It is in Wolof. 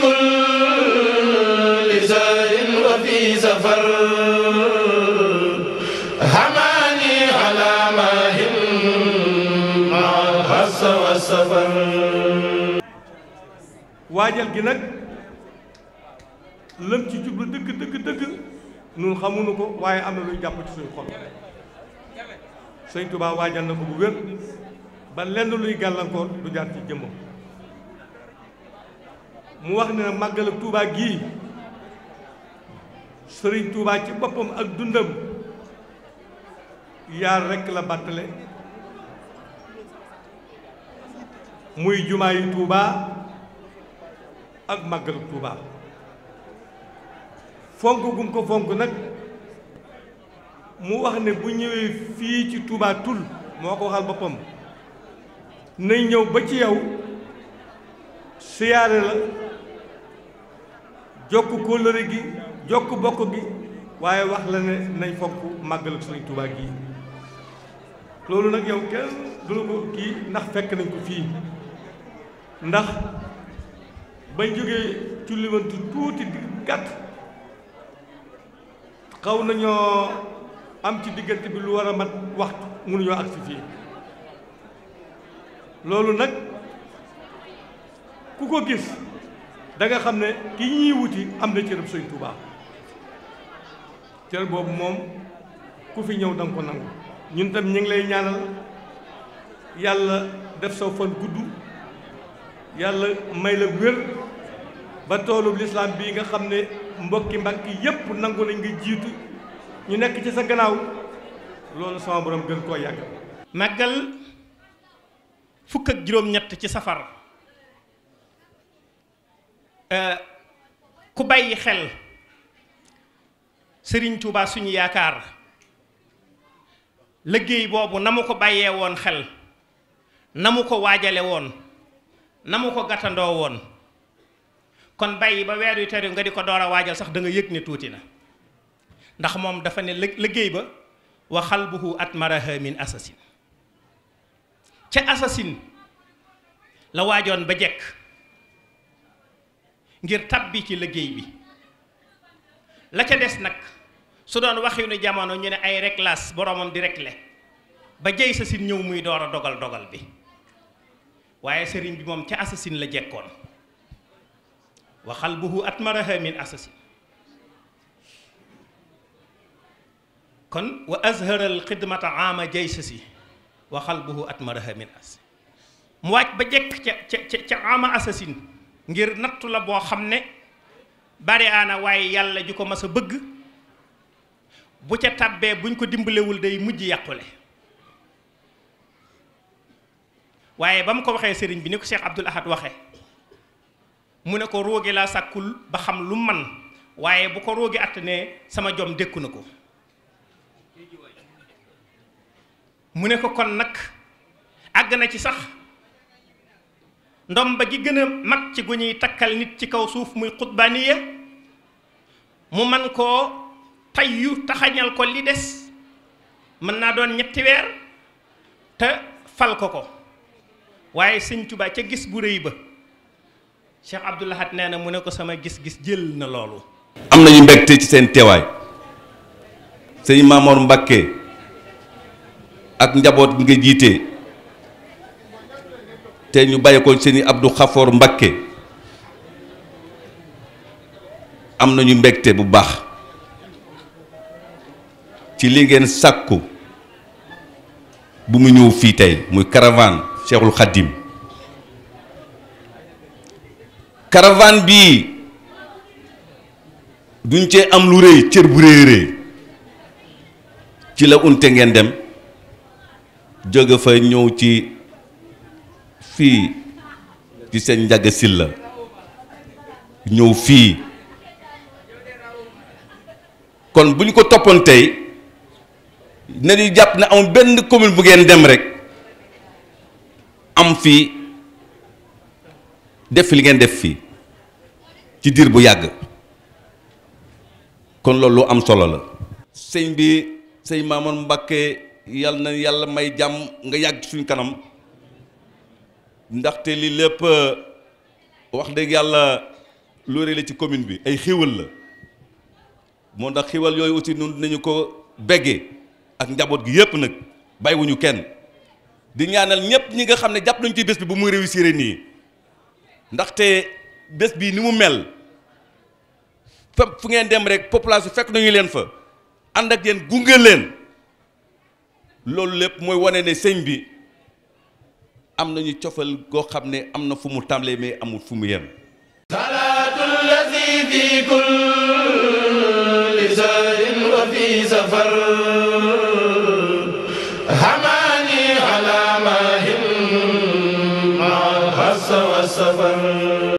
kulli waajal gi nag lëm ci jublu dëgg dëgg dëgg nun xamuñu ko waaye am na luy jàpp ci suñu xol sëñ Tuubaa waajal na ko bu wér ba lenn luy gàllankoor du jaar ci jëmmam mu wax ne màggal tuubaa gii sëriñ Touba ci boppam ak dundam yaar rekk la bàttale muy jumaa yi Touba ak màggal tuubaa fonk gum ko fonk nag mu wax ne bu ñëwee fii ci Touba tul moo ko waxal boppam nañ ñëw ba ci yow siyaare la jokk kóllëre gi jokk bokku gi waye wax la ne nañ fonk magal ak serigne touba gi lolu nak yow kel du lu ki ndax fekk nañ ko fi ndax bañ joge ci liwantu xaw nañu am ci digënté bi lu mat waxtu ak agsi fi lolu nag ku ko gis da xam ne ki ñuy wuti am na cërëb sëñ Tuubaa cër boobu moom ku fi ñëw danga ko nangu ñun tam ñu ngi lay ñaanal yàlla def saw fan gudd yàlla may la wér ba toolub lislaam bii nga xam ne mbokki mbakki yépp nangu nañ nga jiitu ñu nekk ci sa gannaaw loolu sama borom gën koo yàggal màggal fukk ci safar Euh, ku bàyyi xel sëriñ Touba suñu yaakaar liggéey boobu na mu ko bàyyee woon xel na mu ko waajale woon na mu ko gàttandoo woon kon bàyyi ba weer yu teru nga di ko door waajal sax danga nga yëg ne tuuti na ndax moom dafa ne liggéey ba wa xalbuhu at maraha min ca asasin la waajoon ba jekk ngir tabbi ci liggey bi la ca dess nak su doon wax yu ne jamono ñu ne ay réclasse boromam di réclé ba jëy sa sin ñëw muy doora dogal dogal bi waye serigne bi mom ci assassin la jekkon wa khalbuhu atmaraha min assassin kon wa azharal xidmata ama jëy sa si waxal buhu min assassin mu wàcc ba jek ci ci ci ama assassin ngir nattu la boo xam ne bari aana waaye yàlla ju ko ma sa bëgg bu ca tàbbee buñ ko dimbalewul day mujj yàqule waaye ba mu ko waxee sëriñ bi ni ko Cheikh Abdoul Ahad waxe mu ne ko roogi laa sàkkul ba xam lu man waaye bu ko roogi att ne sama jom dékku na ko mu ne ko kon nag àgg na ci sax ndomba gi gën a mag ci gu ñuy takkal nit ci kaw suuf muy xutbaaniya mu man koo tayyu taxañal ko li des mën naa doon ñetti weer te fal ko ko waaye sëñ Tuubaa ca gis bu rëy ba Cheikh Abdou nee na mu ne ko sama gis-gis jël na loolu am nañu mbégte ci seen teewaay sëñ Maamoor Mbàkke ak njaboot bi nga jiite te ñu bàyyi seeni sëñ Abdou Khafor Mbacké am nañu mbégte bu baax ci li ngeen sàkku bu mu ñëw fii tey muy caravane Cheikhul Khadim caravane bii duñ cee am lu rëy cër bu rëy rëy ci la unte ngeen dem jóge fa ñëw ci fii ci seen njagga la ñëw fii kon bu ñu ko toppoon tey na ñu jàpp ne amul benn commune bu ngeen dem rek am fii def fi li ngeen def fii ci diir bu yàgg kon loolu am solo la sëñ bi sëñ Mamour Mbacké yàlla na yàlla may jàmm nga yàgg suñ kanam ndaxte li lépp euh, wax dëgg yàlla lóore la ci commune bi ay xiwal la moo ndax xiwal yooyu aussi noonu dinañu ko beggee ak njaboot gi yépp nag bàyyiwuñu kenn di ñaanal ñépp ñi nga xam ne jàpp nañu ci bés bi bu muy réussir nii ndaxte bés bi ni mu mel fépp fu ngeen dem rek population fekk nañu leen fa ànd ak yéen gunge leen loolu lépp mooy wane ne sëñ bi am nañu cofal goo xam ne am na fu mu tàmbalee mais amul fu mu yem salaatul lazi fi kulli sahrin wa fi safar